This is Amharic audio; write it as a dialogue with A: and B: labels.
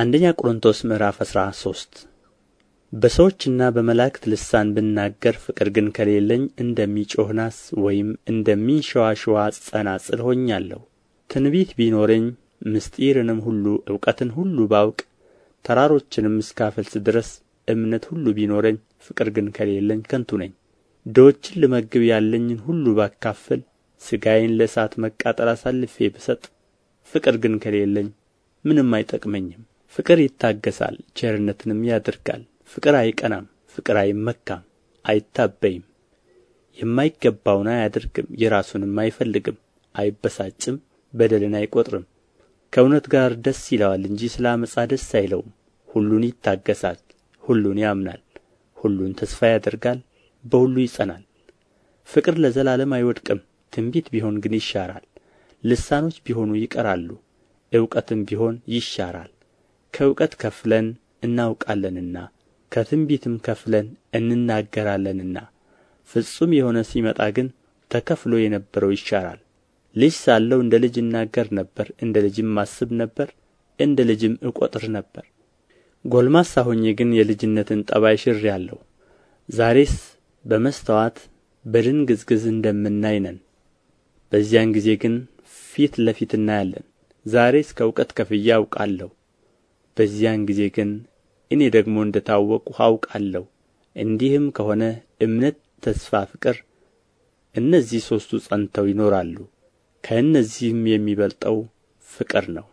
A: አንደኛ ቆሮንቶስ ምዕራፍ አስራ ሶስት በሰዎችና በመላእክት ልሳን ብናገር ፍቅር ግን ከሌለኝ እንደሚጮኽ ናስ ወይም እንደሚንሸዋሸዋ ጸናጽል ሆኛለሁ። ትንቢት ቢኖረኝ ምስጢርንም ሁሉ እውቀትን ሁሉ ባውቅ ተራሮችንም እስካፈልስ ድረስ እምነት ሁሉ ቢኖረኝ ፍቅር ግን ከሌለኝ ከንቱ ነኝ። ድሆችን ልመግብ ያለኝን ሁሉ ባካፍል ሥጋዬን ለእሳት መቃጠል አሳልፌ ብሰጥ ፍቅር ግን ከሌለኝ ምንም አይጠቅመኝም። ፍቅር ይታገሣል፣ ቸርነትንም ያደርጋል። ፍቅር አይቀናም፣ ፍቅር አይመካም፣ አይታበይም። የማይገባውን አያደርግም፣ የራሱንም አይፈልግም፣ አይበሳጭም፣ በደልን አይቆጥርም። ከእውነት ጋር ደስ ይለዋል እንጂ ስለ ዓመፃ ደስ አይለውም። ሁሉን ይታገሣል፣ ሁሉን ያምናል፣ ሁሉን ተስፋ ያደርጋል፣ በሁሉ ይጸናል። ፍቅር ለዘላለም አይወድቅም። ትንቢት ቢሆን ግን ይሻራል፣ ልሳኖች ቢሆኑ ይቀራሉ፣ እውቀትም ቢሆን ይሻራል። ከእውቀት ከፍለን እናውቃለንና ከትንቢትም ከፍለን እንናገራለንና ፍጹም የሆነ ሲመጣ ግን ተከፍሎ የነበረው ይሻራል ልጅ ሳለው እንደ ልጅ እናገር ነበር እንደ ልጅም አስብ ነበር እንደ ልጅም እቆጥር ነበር ጎልማሳ ሆኜ ግን የልጅነትን ጠባይ ያለው ዛሬስ በመስተዋት በድንግዝግዝ እንደምናይ ነን በዚያን ጊዜ ግን ፊት ለፊት እናያለን ዛሬስ ከእውቀት ከፍዬ አውቃለሁ በዚያን ጊዜ ግን እኔ ደግሞ እንደ ታወቅሁ አውቃለሁ እንዲህም ከሆነ እምነት ተስፋ ፍቅር እነዚህ ሦስቱ ጸንተው ይኖራሉ ከእነዚህም የሚበልጠው ፍቅር ነው